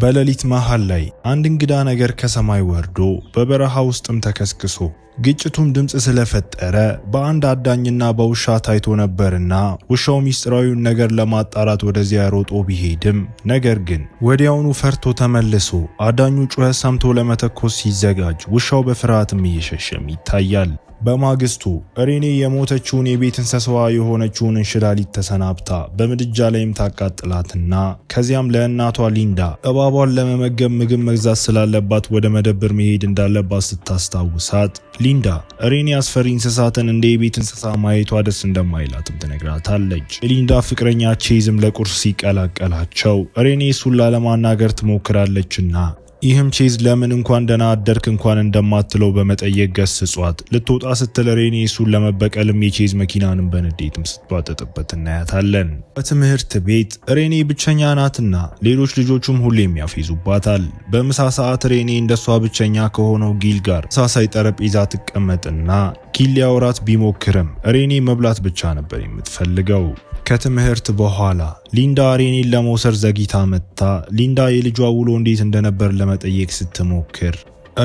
በሌሊት መሃል ላይ አንድ እንግዳ ነገር ከሰማይ ወርዶ በበረሃ ውስጥም ተከስክሶ ግጭቱም ድምፅ ስለፈጠረ በአንድ አዳኝና በውሻ ታይቶ ነበርና ውሻው ሚስጥራዊውን ነገር ለማጣራት ወደዚያ ሮጦ ቢሄድም ነገር ግን ወዲያውኑ ፈርቶ ተመልሶ አዳኙ ጩኸት ሰምቶ ለመተኮስ ሲዘጋጅ ውሻው በፍርሃትም እየሸሸም ይታያል። በማግስቱ ሬኔ የሞተችውን የቤት እንስሳዋ የሆነችውን እንሽላሊት ተሰናብታ በምድጃ ላይም ታቃጥላትና ከዚያም ለእናቷ ሊንዳ እባቧን ለመመገብ ምግብ መግዛት ስላለባት ወደ መደብር መሄድ እንዳለባት ስታስታውሳት ሊንዳ ሬኔ አስፈሪ እንስሳትን እንደ የቤት እንስሳ ማየቷ ደስ እንደማይላትም ትነግራታለች። የሊንዳ ፍቅረኛ ቼዝም ለቁርስ ሲቀላቀላቸው ሬኔ እሱን ላለማናገር ትሞክራለችና ይህም ቼዝ ለምን እንኳን ደህና አደርክ እንኳን እንደማትለው በመጠየቅ ገስጿት ልትወጣ ስትል ሬኔ እሱን ለመበቀልም የቼዝ መኪናንም በንዴትም ስትቧጠጥበት እናያታለን። በትምህርት ቤት ሬኔ ብቸኛ ናትና ሌሎች ልጆቹም ሁሌም ያፌዙባታል። በምሳ ሰዓት ሬኔ እንደሷ ብቸኛ ከሆነው ጊል ጋር ተመሳሳይ ጠረጴዛ ትቀመጥና ጊል ሊያወራት ቢሞክርም ሬኔ መብላት ብቻ ነበር የምትፈልገው። ከትምህርት በኋላ ሊንዳ ሬኒን ለመውሰድ ዘግይታ መጥታ ሊንዳ የልጇ ውሎ እንዴት እንደነበር ለመጠየቅ ስትሞክር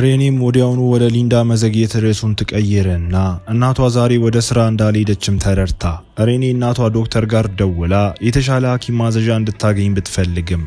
ሬኔም ወዲያውኑ ወደ ሊንዳ መዘግየት ርዕሱን ትቀይርና እናቷ ዛሬ ወደ ስራ እንዳልሄደችም ተረድታ ሬኔ እናቷ ዶክተር ጋር ደውላ የተሻለ ሐኪም ማዘዣ እንድታገኝ ብትፈልግም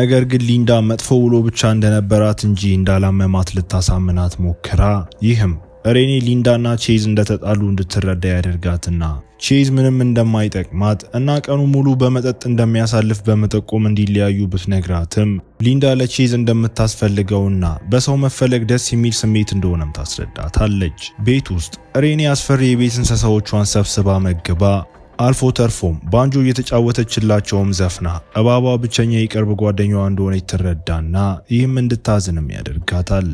ነገር ግን ሊንዳ መጥፎ ውሎ ብቻ እንደነበራት እንጂ እንዳላመማት ልታሳምናት ሞክራ ይህም ሬኔ ሊንዳና ቼዝ እንደተጣሉ እንድትረዳ ያደርጋትና ቼዝ ምንም እንደማይጠቅማት እና ቀኑ ሙሉ በመጠጥ እንደሚያሳልፍ በመጠቆም እንዲለያዩ ብትነግራትም ሊንዳ ለቼዝ እንደምታስፈልገውና በሰው መፈለግ ደስ የሚል ስሜት እንደሆነም ታስረዳታለች። ቤት ውስጥ ሬኔ አስፈሪ የቤት እንስሳዎቿን ሰብስባ መግባ አልፎ ተርፎም ባንጆ እየተጫወተችላቸውም ዘፍና እባቧ ብቸኛ የቅርብ ጓደኛዋ እንደሆነ ትረዳና ይህም እንድታዝንም ያደርጋታል።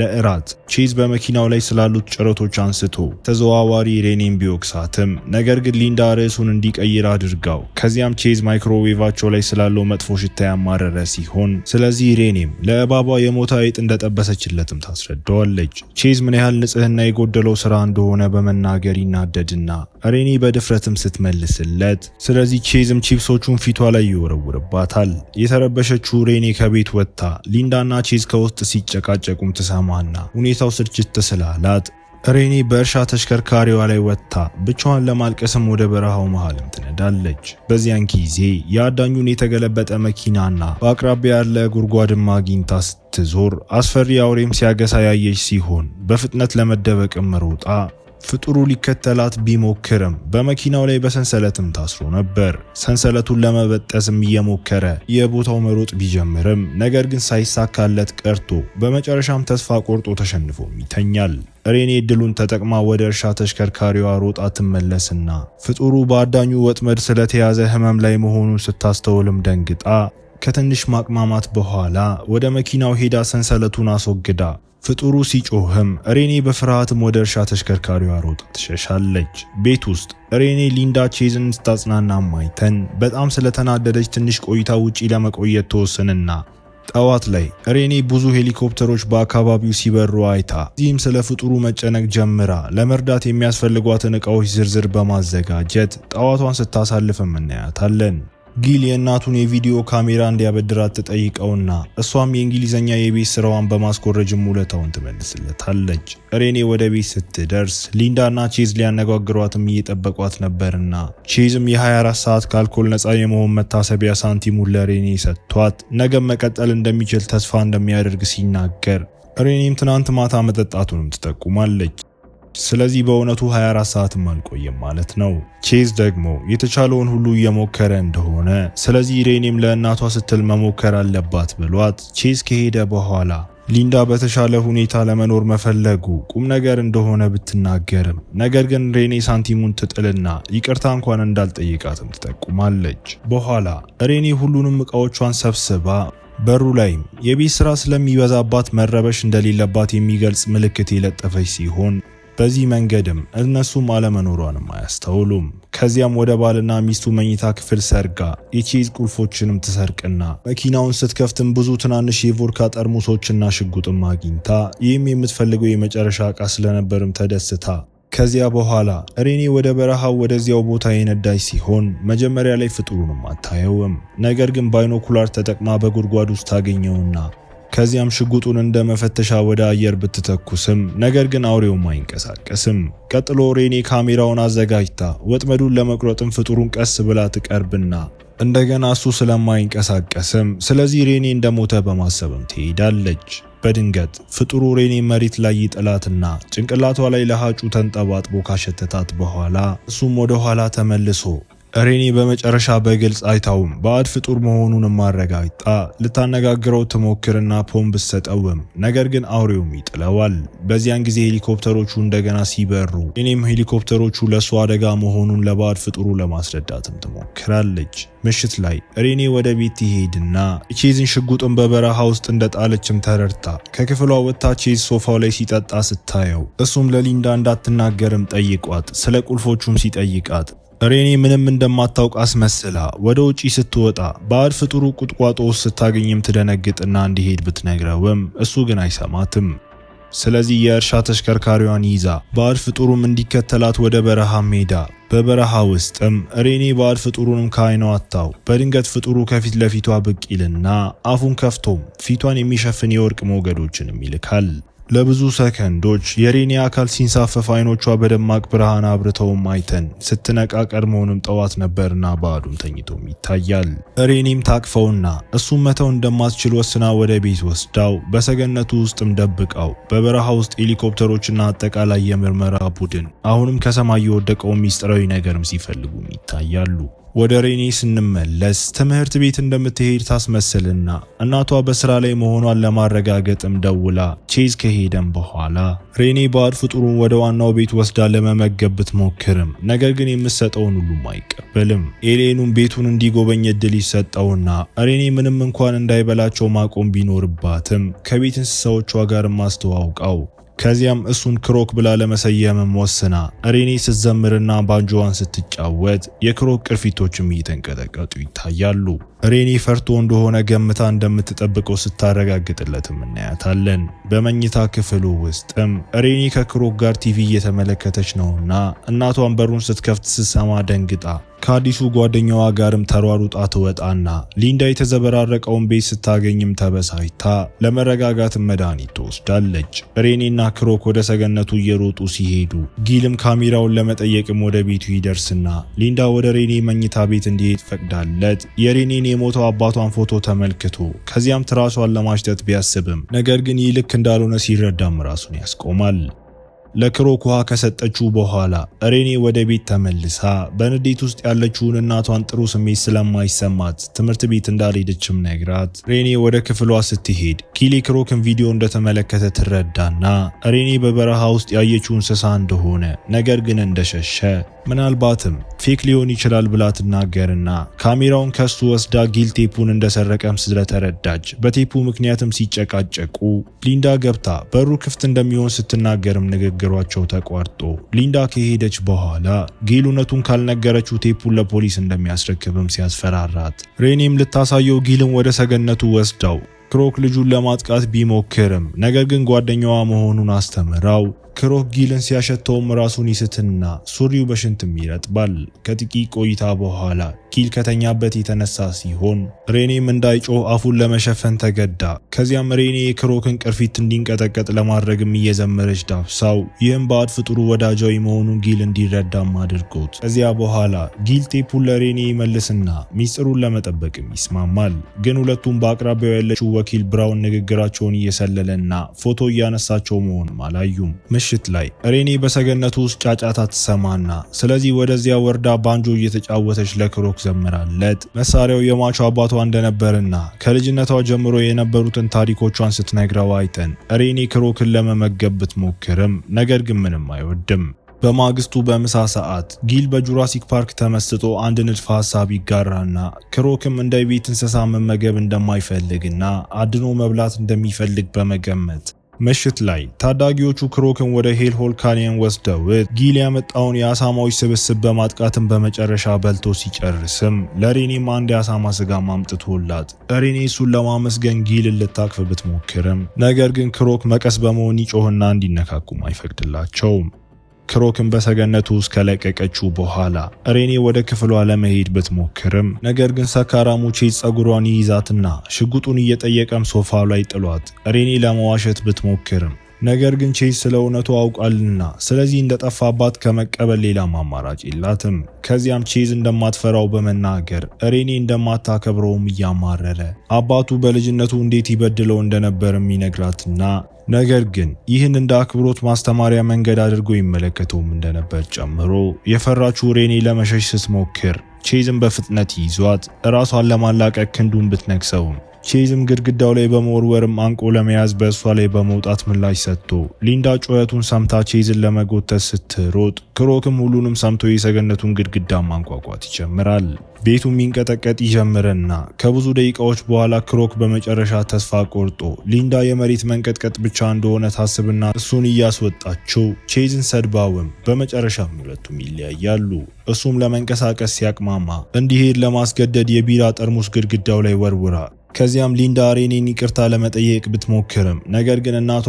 ለእራት ቼዝ በመኪናው ላይ ስላሉት ጭረቶች አንስቶ ተዘዋዋሪ ሬኔን ቢወቅሳትም ነገር ግን ሊንዳ ርዕሱን እንዲቀይር አድርጋው ከዚያም ቼዝ ማይክሮዌቫቸው ላይ ስላለው መጥፎ ሽታ ያማረረ ሲሆን ስለዚህ ሬኔም ለእባቧ የሞታ አይጥ እንደጠበሰችለትም ታስረዳዋለች። ቼዝ ምን ያህል ንጽህና የጎደለው ስራ እንደሆነ በመናገር ይናደድና ሬኔ በድፍረትም ስትመልስለት፣ ስለዚህ ቼዝም ቺፕሶቹን ፊቷ ላይ ይወረውርባታል። የተረበሸችው ሬኔ ከቤት ወጥታ ሊንዳና ቼዝ ከውስጥ ሲጨቃጨቁም ትሰማ ተሰማና ሁኔታው ስርጭት ተስላላት ሬኒ በእርሻ ተሽከርካሪዋ ላይ ወጥታ ብቻዋን ለማልቀስም ወደ በረሃው መሃልም ትነዳለች። በዚያን ጊዜ የአዳኙን የተገለበጠ መኪናና በአቅራቢያ ያለ ጉድጓድማ አግኝታ ስትዞር አስፈሪ አውሬም ሲያገሳ ያየች ሲሆን በፍጥነት ለመደበቅም ሮጣ ፍጡሩ ሊከተላት ቢሞክርም በመኪናው ላይ በሰንሰለትም ታስሮ ነበር። ሰንሰለቱን ለመበጠስም እየሞከረ የቦታው መሮጥ ቢጀምርም ነገር ግን ሳይሳካለት ቀርቶ በመጨረሻም ተስፋ ቆርጦ ተሸንፎም ይተኛል። ሬኔ እድሉን ተጠቅማ ወደ እርሻ ተሽከርካሪዋ ሮጣ ትመለስና ፍጡሩ በአዳኙ ወጥመድ ስለተያዘ ህመም ላይ መሆኑን ስታስተውልም ደንግጣ ከትንሽ ማቅማማት በኋላ ወደ መኪናው ሄዳ ሰንሰለቱን አስወግዳ ፍጡሩ ሲጮህም ሬኔ በፍርሃትም ወደ እርሻ ተሽከርካሪዋ ሮጣ ትሸሻለች። ቤት ውስጥ ሬኔ ሊንዳ ቼዝን ስታጽናና ማይተን በጣም ስለተናደደች ትንሽ ቆይታ ውጪ ለመቆየት ተወስንና ጠዋት ላይ ሬኔ ብዙ ሄሊኮፕተሮች በአካባቢው ሲበሩ አይታ እዚህም ስለ ፍጡሩ መጨነቅ ጀምራ ለመርዳት የሚያስፈልጓትን እቃዎች ዝርዝር በማዘጋጀት ጠዋቷን ስታሳልፍ እናያታለን። ጊል የእናቱን የቪዲዮ ካሜራ እንዲያበድራት ትጠይቀውና እሷም የእንግሊዝኛ የቤት ስራዋን በማስኮረጅም ውለታውን ትመልስለታለች። ሬኔ ወደ ቤት ስትደርስ ሊንዳና ቼዝ ሊያነጋግሯትም እየጠበቋት ነበርና ቼዝም የ24 ሰዓት ከአልኮል ነፃ የመሆን መታሰቢያ ሳንቲሙን ለሬኔ ሰጥቷት ነገም መቀጠል እንደሚችል ተስፋ እንደሚያደርግ ሲናገር ሬኔም ትናንት ማታ መጠጣቱንም ትጠቁማለች። ስለዚህ በእውነቱ 24 ሰዓትም አልቆየም ማለት ነው። ቼዝ ደግሞ የተቻለውን ሁሉ እየሞከረ እንደሆነ፣ ስለዚህ ሬኔም ለእናቷ ስትል መሞከር አለባት ብሏት ቼዝ ከሄደ በኋላ ሊንዳ በተሻለ ሁኔታ ለመኖር መፈለጉ ቁም ነገር እንደሆነ ብትናገርም ነገር ግን ሬኔ ሳንቲሙን ትጥልና ይቅርታ እንኳን እንዳልጠይቃትም ትጠቁማለች። በኋላ ሬኔ ሁሉንም እቃዎቿን ሰብስባ በሩ ላይም የቤት ስራ ስለሚበዛባት መረበሽ እንደሌለባት የሚገልጽ ምልክት የለጠፈች ሲሆን በዚህ መንገድም እነሱም አለመኖሯንም አያስተውሉም። ከዚያም ወደ ባልና ሚስቱ መኝታ ክፍል ሰርጋ የኬዝ ቁልፎችንም ትሰርቅና መኪናውን ስትከፍትም ብዙ ትናንሽ የቮድካ ጠርሙሶችና ሽጉጥም አግኝታ ይህም የምትፈልገው የመጨረሻ ዕቃ ስለነበርም ተደስታ ከዚያ በኋላ ሬኔ ወደ በረሃው ወደዚያው ቦታ የነዳች ሲሆን መጀመሪያ ላይ ፍጡሩንም አታየውም። ነገር ግን ባይኖኩላር ተጠቅማ በጉድጓድ ውስጥ ታገኘውና ከዚያም ሽጉጡን እንደ መፈተሻ ወደ አየር ብትተኩስም ነገር ግን አውሬውም አይንቀሳቀስም። ቀጥሎ ሬኔ ካሜራውን አዘጋጅታ ወጥመዱን ለመቁረጥም ፍጡሩን ቀስ ብላ ትቀርብና እንደገና እሱ ስለማይንቀሳቀስም ስለዚህ ሬኔ እንደሞተ በማሰብም ትሄዳለች። በድንገት ፍጡሩ ሬኔ መሬት ላይ ይጥላትና ጭንቅላቷ ላይ ለሃጩ ተንጠባጥቦ ካሸተታት በኋላ እሱም ወደ ኋላ ተመልሶ ሬኒ በመጨረሻ በግልጽ አይታውም ባዕድ ፍጡር መሆኑንም አረጋግጣ ልታነጋግረው ትሞክርና ፖም ብትሰጠውም ነገር ግን አውሬውም ይጥለዋል። በዚያን ጊዜ ሄሊኮፕተሮቹ እንደገና ሲበሩ እኔም ሄሊኮፕተሮቹ ለእሱ አደጋ መሆኑን ለባዕድ ፍጡሩ ለማስረዳትም ትሞክራለች። ምሽት ላይ ሬኒ ወደ ቤት ይሄድና ቼዝን ሽጉጥን በበረሃ ውስጥ እንደጣለችም ተረድታ ከክፍሏ ወጥታ ቼዝ ሶፋው ላይ ሲጠጣ ስታየው እሱም ለሊንዳ እንዳትናገርም ጠይቋት ስለ ቁልፎቹም ሲጠይቃት ሬኔ ምንም እንደማታውቅ አስመስላ ወደ ውጪ ስትወጣ ባዕድ ፍጡሩ ቁጥቋጦ ውስጥ ስታገኝም ትደነግጥና እንዲሄድ ብትነግረውም እሱ ግን አይሰማትም። ስለዚህ የእርሻ ተሽከርካሪዋን ይዛ ባዕድ ፍጡሩም እንዲከተላት ወደ በረሃ ሜዳ በበረሃ ውስጥም ሬኔ ባዕድ ፍጡሩንም ከዓይኗ አታው። በድንገት ፍጡሩ ከፊት ለፊቷ ብቅ ይልና አፉን ከፍቶም ፊቷን የሚሸፍን የወርቅ ሞገዶችንም ይልካል። ለብዙ ሰከንዶች የሬኒ አካል ሲንሳፈፍ አይኖቿ በደማቅ ብርሃን አብርተውም አይተን ስትነቃ ቀድሞውንም ጠዋት ነበርና ባዕዱም ተኝቶም ይታያል። ሬኒም ታቅፈውና እሱም መተው እንደማትችል ወስና ወደ ቤት ወስዳው በሰገነቱ ውስጥም ደብቀው በበረሃ ውስጥ ሄሊኮፕተሮችና አጠቃላይ የምርመራ ቡድን አሁንም ከሰማይ የወደቀውን ሚስጥራዊ ነገርም ሲፈልጉም ይታያሉ። ወደ ሬኔ ስንመለስ ትምህርት ቤት እንደምትሄድ ታስመስልና እናቷ በስራ ላይ መሆኗን ለማረጋገጥም ደውላ ቼዝ ከሄደም በኋላ ሬኔ ባዕድ ፍጡሩን ወደ ዋናው ቤት ወስዳ ለመመገብ ብትሞክርም ነገር ግን የምትሰጠውን ሁሉም አይቀበልም። ኤሌኑም ቤቱን እንዲጎበኝ እድል ይሰጠውና ሬኔ ምንም እንኳን እንዳይበላቸው ማቆም ቢኖርባትም ከቤት እንስሳዎቿ ጋር ማስተዋውቀው ከዚያም እሱን ክሮክ ብላ ለመሰየምም ወስና ሬኒ ስትዘምርና ባንጆዋን ስትጫወት የክሮክ ቅርፊቶችም እየተንቀጠቀጡ ይታያሉ። ሬኒ ፈርቶ እንደሆነ ገምታ እንደምትጠብቀው ስታረጋግጥለትም እናያታለን። በመኝታ ክፍሉ ውስጥም ሬኒ ከክሮክ ጋር ቲቪ እየተመለከተች ነውና እናቷን በሩን ስትከፍት ስትሰማ ደንግጣ ከአዲሱ ጓደኛዋ ጋርም ተሯሩጣ ትወጣና ሊንዳ የተዘበራረቀውን ቤት ስታገኝም ተበሳጭታ ለመረጋጋት መድኃኒት ትወስዳለች። ሬኔና ክሮክ ወደ ሰገነቱ እየሮጡ ሲሄዱ ጊልም ካሜራውን ለመጠየቅም ወደ ቤቱ ይደርስና ሊንዳ ወደ ሬኔ መኝታ ቤት እንዲሄድ ፈቅዳለት የሬኔን የሞተው አባቷን ፎቶ ተመልክቶ ከዚያም ትራሷን ለማሽተት ቢያስብም ነገር ግን ይህ ልክ እንዳልሆነ ሲረዳም ራሱን ያስቆማል። ለክሮኩሃ ከሰጠችው በኋላ ሬኔ ወደ ቤት ተመልሳ በንዴት ውስጥ ያለችውን እናቷን ጥሩ ስሜት ስለማይሰማት ትምህርት ቤት እንዳልሄደችም ነግራት ሬኔ ወደ ክፍሏ ስትሄድ ኪሊ ክሮክን ቪዲዮ እንደተመለከተ ትረዳና ሬኔ በበረሃ ውስጥ ያየችው እንስሳ እንደሆነ ነገር ግን እንደሸሸ ምናልባትም ፌክ ሊሆን ይችላል ብላ ትናገርና ካሜራውን ከሱ ወስዳ ጊል ቴፑን እንደሰረቀም ስለተረዳች በቴፑ ምክንያትም ሲጨቃጨቁ ሊንዳ ገብታ በሩ ክፍት እንደሚሆን ስትናገርም ንግግሯቸው ተቋርጦ ሊንዳ ከሄደች በኋላ ጊል እውነቱን ካልነገረችው ቴፑን ለፖሊስ እንደሚያስረክብም ሲያስፈራራት ሬኔም ልታሳየው ጊልን ወደ ሰገነቱ ወስዳው ክሮክ ልጁን ለማጥቃት ቢሞክርም ነገር ግን ጓደኛዋ መሆኑን አስተምረው ክሮክ ጊልን ሲያሸተውም ራሱን ይስትና ሱሪው በሽንትም ይረጥባል። ከጥቂት ቆይታ በኋላ ጊል ከተኛበት የተነሳ ሲሆን ሬኔም እንዳይጮህ አፉን ለመሸፈን ተገዳ። ከዚያም ሬኔ የክሮክን ቅርፊት እንዲንቀጠቀጥ ለማድረግም እየዘመረች ዳብሳው፣ ይህም በአድ ፍጡሩ ወዳጃዊ መሆኑን ጊል እንዲረዳም አድርጎት፣ ከዚያ በኋላ ጊል ቴፑን ለሬኔ ይመልስና ሚስጥሩን ለመጠበቅም ይስማማል። ግን ሁለቱም በአቅራቢያው ያለችው ወኪል ብራውን ንግግራቸውን እየሰለለና ፎቶ እያነሳቸው መሆኑም አላዩም። ምሽት ላይ ሬኔ በሰገነቱ ውስጥ ጫጫታ ትሰማና ስለዚህ ወደዚያ ወርዳ ባንጆ እየተጫወተች ለክሮክ ዘምራለት። መሳሪያው የማቹ አባቷ እንደነበርና ከልጅነቷ ጀምሮ የነበሩትን ታሪኮቿን ስትነግረው አይተን ሬኔ ክሮክን ለመመገብ ብትሞክርም ነገር ግን ምንም አይወድም። በማግስቱ በምሳ ሰዓት ጊል በጁራሲክ ፓርክ ተመስጦ አንድ ንድፈ ሀሳብ ይጋራና ክሮክም እንደ ቤት እንስሳ መመገብ እንደማይፈልግና አድኖ መብላት እንደሚፈልግ በመገመት ምሽት ላይ ታዳጊዎቹ ክሮክን ወደ ሄልሆል ካኒየን ወስደውት ጊል ያመጣውን የአሳማዎች ስብስብ በማጥቃትም በመጨረሻ በልቶ ሲጨርስም ለሬኔም አንድ የአሳማ ስጋ ማምጥቶላት ሬኔ እሱን ለማመስገን ጊልን ልታቅፍ ብትሞክርም ነገር ግን ክሮክ መቀስ በመሆን ይጮህና እንዲነካኩም አይፈቅድላቸውም። ክሮክን በሰገነቱ ውስጥ ከለቀቀችው በኋላ ሬኔ ወደ ክፍሏ ለመሄድ ብትሞክርም ነገር ግን ሰካራሙ ጸጉሯን ይይዛትና ሽጉጡን እየጠየቀም ሶፋ ላይ ጥሏት ሬኔ ለመዋሸት ብትሞክርም ነገር ግን ቼዝ ስለ እውነቱ አውቃልና ስለዚህ እንደጠፋባት ከመቀበል ሌላም አማራጭ የላትም። ከዚያም ቼዝ እንደማትፈራው በመናገር ሬኔ እንደማታከብረውም እያማረረ አባቱ በልጅነቱ እንዴት ይበድለው እንደነበርም ይነግራትና ነገር ግን ይህን እንደ አክብሮት ማስተማሪያ መንገድ አድርጎ ይመለከተውም እንደነበር ጨምሮ የፈራችው ሬኔ ለመሸሽ ስትሞክር ቼዝን በፍጥነት ይዟት እራሷን ለማላቀቅ ክንዱን ብትነክሰውም ቼዝም ግድግዳው ላይ በመወርወርም አንቆ ለመያዝ በእሷ ላይ በመውጣት ምላሽ ሰጥቶ ሊንዳ ጩኸቱን ሰምታ ቼዝን ለመጎተት ስትሮጥ ክሮክም ሁሉንም ሰምቶ የሰገነቱን ግድግዳ ማንቋቋት ይጀምራል። ቤቱ የሚንቀጠቀጥ ይጀምርና ከብዙ ደቂቃዎች በኋላ ክሮክ በመጨረሻ ተስፋ ቆርጦ ሊንዳ የመሬት መንቀጥቀጥ ብቻ እንደሆነ ታስብና እሱን እያስወጣቸው ቼዝን ሰድባውም በመጨረሻም ሁለቱም ይለያያሉ። እሱም ለመንቀሳቀስ ሲያቅማማ እንዲሄድ ለማስገደድ የቢራ ጠርሙስ ግድግዳው ላይ ወርውራ ከዚያም ሊንዳ ሬኔን ይቅርታ ለመጠየቅ ብትሞክርም ነገር ግን እናቷ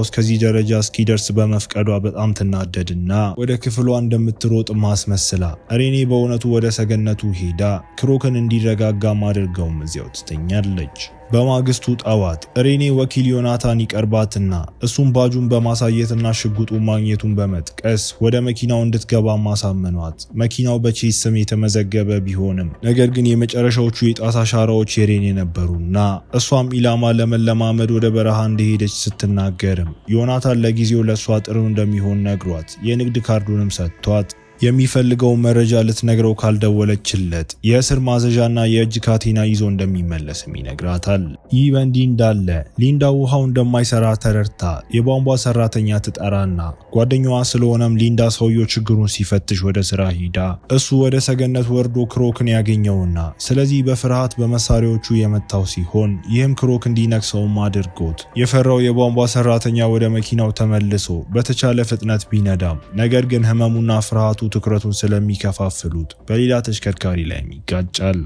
ውስጥ ከዚህ ደረጃ እስኪደርስ በመፍቀዷ በጣም ትናደድና ወደ ክፍሏ እንደምትሮጥ ማስመስላ ሬኔ በእውነቱ ወደ ሰገነቱ ሄዳ ክሮክን እንዲረጋጋም አድርገውም እዚያው ትተኛለች። በማግስቱ ጠዋት ሬኔ ወኪል ዮናታን ይቀርባትና እሱም ባጁን በማሳየትና ሽጉጡ ማግኘቱን በመጥቀስ ወደ መኪናው እንድትገባ ማሳመኗት። መኪናው በቼስ ስም የተመዘገበ ቢሆንም ነገር ግን የመጨረሻዎቹ የጣት አሻራዎች የሬኔ ነበሩና እሷም ኢላማ ለመለማመድ ወደ በረሃ እንደሄደች ስትናገርም ዮናታን ለጊዜው ለእሷ ጥሩ እንደሚሆን ነግሯት የንግድ ካርዱንም ሰጥቷት የሚፈልገው መረጃ ልትነግረው ካልደወለችለት የእስር ማዘዣና የእጅ ካቴና ይዞ እንደሚመለስም ይነግራታል። ይህ በእንዲህ እንዳለ ሊንዳ ውሃው እንደማይሰራ ተረድታ የቧንቧ ሰራተኛ ትጠራና ጓደኛዋ ስለሆነም ሊንዳ ሰውየው ችግሩን ሲፈትሽ ወደ ስራ ሂዳ እሱ ወደ ሰገነት ወርዶ ክሮክን ያገኘውና ስለዚህ በፍርሃት በመሳሪያዎቹ የመታው ሲሆን ይህም ክሮክ እንዲነክሰውም አድርጎት የፈራው የቧንቧ ሰራተኛ ወደ መኪናው ተመልሶ በተቻለ ፍጥነት ቢነዳም ነገር ግን ህመሙና ፍርሃቱ ትኩረቱን ስለሚከፋፍሉት በሌላ ተሽከርካሪ ላይም ይጋጫል።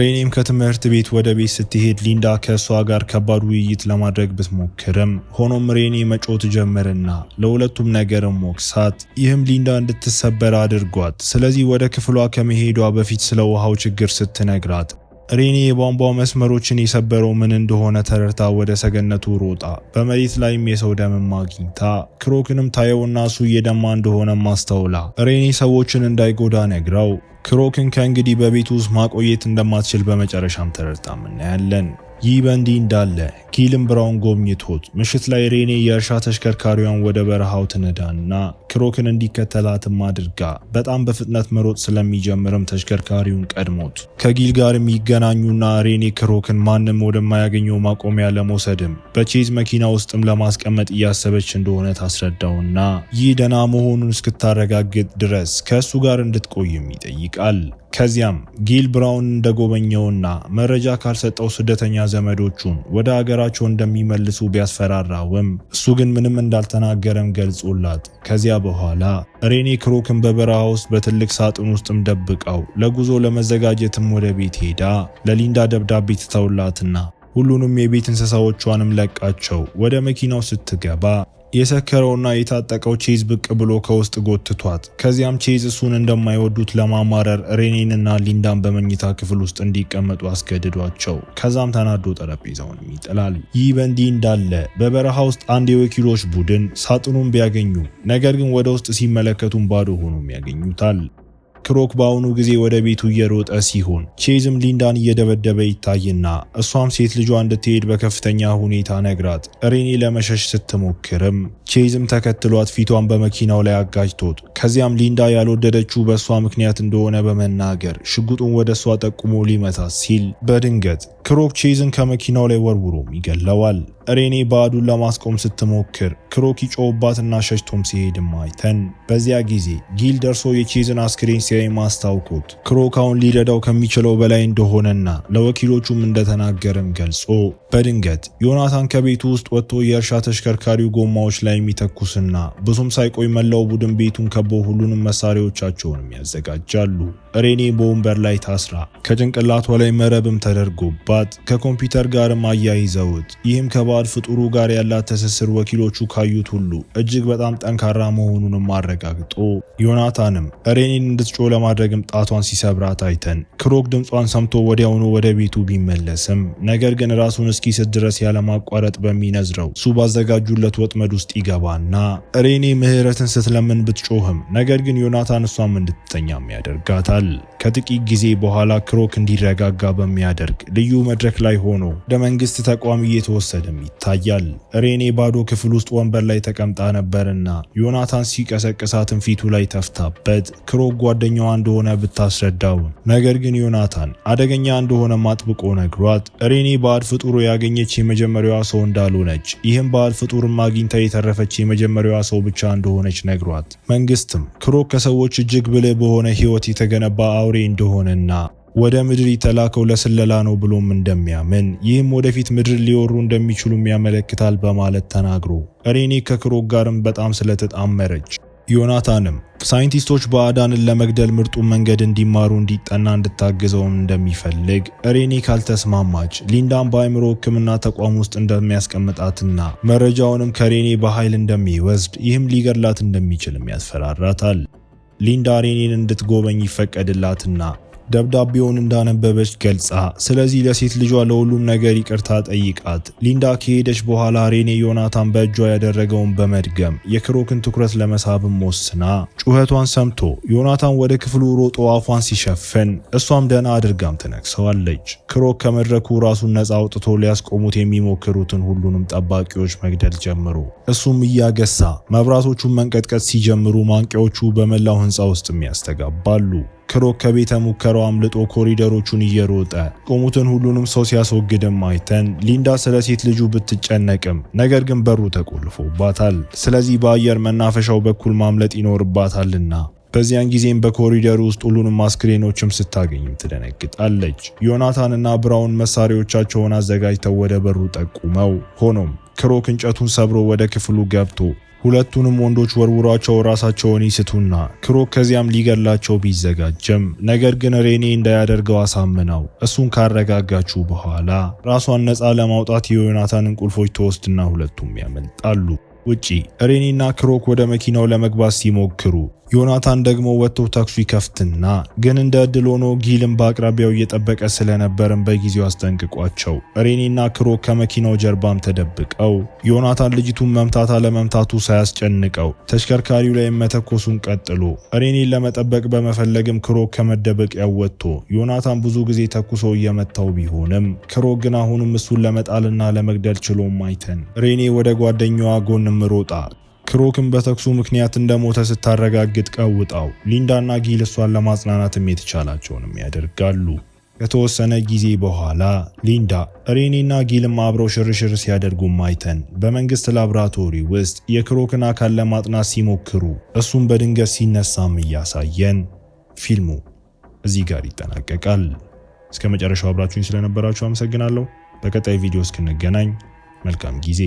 ሬኔም ከትምህርት ቤት ወደ ቤት ስትሄድ ሊንዳ ከእሷ ጋር ከባድ ውይይት ለማድረግ ብትሞክርም ሆኖም ሬኔ መጮት ጀመርና ለሁለቱም ነገርም ሞክሳት። ይህም ሊንዳ እንድትሰበር አድርጓት። ስለዚህ ወደ ክፍሏ ከመሄዷ በፊት ስለ ውሃው ችግር ስትነግራት ሪኒ የቧንቧ መስመሮችን የሰበረው ምን እንደሆነ ተረድታ ወደ ሰገነቱ ሮጣ በመሬት ላይም የሰው ደምም አግኝታ ክሮክንም ታየውና እሱ እየደማ እንደሆነ ማስተውላ ሬኒ ሰዎችን እንዳይጎዳ ነግራው ክሮክን ከእንግዲህ በቤት ውስጥ ማቆየት እንደማትችል በመጨረሻም ተረድታ እናያለን። ይህ በእንዲህ እንዳለ ኪልም ብራውን ጎብኝቶት ምሽት ላይ ሬኔ የእርሻ ተሽከርካሪዋን ወደ በረሃው ትነዳና ክሮክን እንዲከተላትም አድርጋ በጣም በፍጥነት መሮጥ ስለሚጀምርም ተሽከርካሪውን ቀድሞት ከጊል ጋር የሚገናኙና ሬኔ ክሮክን ማንም ወደማያገኘው ማቆሚያ ለመውሰድም በቼዝ መኪና ውስጥም ለማስቀመጥ እያሰበች እንደሆነ ታስረዳውና ይህ ደና መሆኑን እስክታረጋግጥ ድረስ ከእሱ ጋር እንድትቆይም ይጠይቃል። ከዚያም ጊል ብራውን እንደጎበኘውና መረጃ ካልሰጠው ስደተኛ ዘመዶቹን ወደ ሀገራቸው እንደሚመልሱ ቢያስፈራራውም እሱ ግን ምንም እንዳልተናገረም ገልጾላት ከዚያ በኋላ ሬኔ ክሮክን በበረሃ ውስጥ በትልቅ ሳጥን ውስጥም ደብቀው ለጉዞ ለመዘጋጀትም ወደ ቤት ሄዳ ለሊንዳ ደብዳቤ ትተውላትና ሁሉንም የቤት እንስሳዎቿንም ለቃቸው ወደ መኪናው ስትገባ የሰከረውና የታጠቀው ቼዝ ብቅ ብሎ ከውስጥ ጎትቷት። ከዚያም ቼዝ እሱን እንደማይወዱት ለማማረር ሬኔንና ሊንዳን በመኝታ ክፍል ውስጥ እንዲቀመጡ አስገድዷቸው። ከዛም ተናዶ ጠረጴዛውንም ይጥላል። ይህ በእንዲህ እንዳለ በበረሃ ውስጥ አንድ የወኪሎች ቡድን ሳጥኑን ቢያገኙ ነገር ግን ወደ ውስጥ ሲመለከቱም ባዶ ሆኖም ያገኙታል። ክሮክ በአሁኑ ጊዜ ወደ ቤቱ እየሮጠ ሲሆን ቼዝም ሊንዳን እየደበደበ ይታይና እሷም ሴት ልጇ እንድትሄድ በከፍተኛ ሁኔታ ነግራት ሬኔ ለመሸሽ ስትሞክርም ቼዝም ተከትሏት ፊቷን በመኪናው ላይ አጋጅቶት ከዚያም ሊንዳ ያልወደደችው በእሷ ምክንያት እንደሆነ በመናገር ሽጉጡን ወደ እሷ ጠቁሞ ሊመታት ሲል በድንገት ክሮክ ቼዝን ከመኪናው ላይ ወርውሮም ይገለዋል። ሬኔ ባዱን ለማስቆም ስትሞክር ክሮክ ይጮውባትና ሸሽቶም ሲሄድም አይተን። በዚያ ጊዜ ጊል ደርሶ የቼዝን አስክሬን ሲያይ ማስታውቁት ክሮክ አሁን ሊረዳው ከሚችለው በላይ እንደሆነና ለወኪሎቹም እንደተናገረም ገልጾ፣ በድንገት ዮናታን ከቤቱ ውስጥ ወጥቶ የእርሻ ተሽከርካሪው ጎማዎች ላይ የሚተኩስና ብዙም ሳይቆይ መላው ቡድን ቤቱን ከበው ሁሉንም መሳሪያዎቻቸውንም ያዘጋጃሉ። ሬኔ በወንበር ላይ ታስራ ከጭንቅላቷ ላይ መረብም ተደርጎባል በማስገባት ከኮምፒውተር ጋርም አያይዘውት ይህም ከባዕድ ፍጡሩ ጋር ያላት ትስስር ወኪሎቹ ካዩት ሁሉ እጅግ በጣም ጠንካራ መሆኑንም አረጋግጦ ዮናታንም ሬኒን እንድትጮ ለማድረግም ጣቷን ሲሰብራት አይተን ክሮክ ድምጿን ሰምቶ ወዲያውኑ ወደ ቤቱ ቢመለስም ነገር ግን ራሱን እስኪስት ድረስ ያለማቋረጥ በሚነዝረው እሱ ባዘጋጁለት ወጥመድ ውስጥ ይገባና ሬኔ ምህረትን ስትለምን ብትጮህም ነገር ግን ዮናታን እሷም እንድትተኛም ያደርጋታል። ከጥቂት ጊዜ በኋላ ክሮክ እንዲረጋጋ በሚያደርግ ልዩ መድረክ ላይ ሆኖ ወደ መንግስት ተቋም እየተወሰደም ይታያል። ሬኔ ባዶ ክፍል ውስጥ ወንበር ላይ ተቀምጣ ነበርና ዮናታን ሲቀሰቅሳትም ፊቱ ላይ ተፍታበት። ክሮክ ጓደኛዋ እንደሆነ ብታስረዳው፣ ነገር ግን ዮናታን አደገኛ እንደሆነ ማጥብቆ ነግሯት ሬኔ ባዕድ ፍጡሩ ያገኘች የመጀመሪያዋ ሰው እንዳልሆነች ይህም ባዕድ ፍጡርም አግኝታ የተረፈች የመጀመሪያዋ ሰው ብቻ እንደሆነች ነግሯት መንግስትም ክሮክ ከሰዎች እጅግ ብልህ በሆነ ህይወት የተገነባ አውሬ እንደሆነና ወደ ምድር የተላከው ለስለላ ነው ብሎም እንደሚያምን ይህም ወደፊት ምድር ሊወሩ እንደሚችሉም ያመለክታል በማለት ተናግሮ ቀሬኔ ከክሮክ ጋርም በጣም ስለተጣመረች ዮናታንም ሳይንቲስቶች በአዳንን ለመግደል ምርጡ መንገድ እንዲማሩ እንዲጠና እንድታግዘውን እንደሚፈልግ ሬኔ ካልተስማማች ሊንዳን በአይምሮ ሕክምና ተቋም ውስጥ እንደሚያስቀምጣትና መረጃውንም ከሬኔ በኃይል እንደሚወስድ ይህም ሊገድላት እንደሚችልም ያስፈራራታል። ሊንዳ ሬኔን እንድትጎበኝ ይፈቀድላትና ደብዳቤውን እንዳነበበች ገልጻ፣ ስለዚህ ለሴት ልጇ ለሁሉም ነገር ይቅርታ ጠይቃት። ሊንዳ ከሄደች በኋላ ሬኔ ዮናታን በእጇ ያደረገውን በመድገም የክሮክን ትኩረት ለመሳብም ወስና ጩኸቷን ሰምቶ ዮናታን ወደ ክፍሉ ሮጦ አፏን ሲሸፍን እሷም ደህና አድርጋም ትነቅሰዋለች። ክሮክ ከመድረኩ ራሱን ነፃ አውጥቶ ሊያስቆሙት የሚሞክሩትን ሁሉንም ጠባቂዎች መግደል ጀምሩ። እሱም እያገሳ መብራቶቹን መንቀጥቀጥ ሲጀምሩ ማንቂያዎቹ በመላው ህንፃ ውስጥም ያስተጋባሉ። ክሮክ ከቤተ ሙከራው አምልጦ ኮሪደሮቹን እየሮጠ ቆሙትን ሁሉንም ሰው ሲያስወግድም አይተን ሊንዳ ስለ ሴት ልጁ ብትጨነቅም ነገር ግን በሩ ተቆልፎባታል። ስለዚህ በአየር መናፈሻው በኩል ማምለጥ ይኖርባታልና በዚያን ጊዜም በኮሪደሩ ውስጥ ሁሉንም አስክሬኖችም ስታገኝም ትደነግጣለች። ዮናታንና ብራውን መሳሪያዎቻቸውን አዘጋጅተው ወደ በሩ ጠቁመው ሆኖም ክሮክ እንጨቱን ሰብሮ ወደ ክፍሉ ገብቶ ሁለቱንም ወንዶች ወርውሯቸው ራሳቸውን ይስቱና ክሮክ ከዚያም ሊገላቸው ቢዘጋጅም ነገር ግን ሬኔ እንዳያደርገው አሳምነው እሱን ካረጋጋችሁ በኋላ ራሷን ነፃ ለማውጣት የዮናታንን ቁልፎች ተወስድና ሁለቱም ያመልጣሉ። ውጪ ሬኔና ክሮክ ወደ መኪናው ለመግባት ሲሞክሩ ዮናታን ደግሞ ወጥቶ ተኩሱ ይከፍትና ግን እንደ እድል ሆኖ ጊልን በአቅራቢያው እየጠበቀ ስለነበርም በጊዜው አስጠንቅቋቸው ሬኒና ክሮክ ከመኪናው ጀርባም ተደብቀው ዮናታን ልጅቱን መምታት አለመምታቱ ሳያስጨንቀው ተሽከርካሪው ላይ መተኮሱን ቀጥሎ ሬኔን ለመጠበቅ በመፈለግም ክሮ ከመደበቂያው ወጥቶ ዮናታን ብዙ ጊዜ ተኩሶ እየመታው ቢሆንም ክሮ ግን አሁንም እሱን ለመጣልና ለመግደል ችሎም አይተን ሬኔ ወደ ጓደኛዋ ጎንም ሮጣ ክሮክን በተኩሱ ምክንያት እንደሞተ ስታረጋግጥ ቀውጣው ሊንዳና ጊል እሷን ለማጽናናትም የተቻላቸውንም ያደርጋሉ። ከተወሰነ ጊዜ በኋላ ሊንዳ ሬኔና ጊልም አብረው ሽርሽር ሲያደርጉ ማይተን በመንግስት ላብራቶሪ ውስጥ የክሮክን አካል ለማጥናት ሲሞክሩ እሱም በድንገት ሲነሳም እያሳየን ፊልሙ እዚህ ጋር ይጠናቀቃል። እስከ መጨረሻው አብራችሁኝ ስለነበራችሁ አመሰግናለሁ። በቀጣይ ቪዲዮ እስክንገናኝ መልካም ጊዜ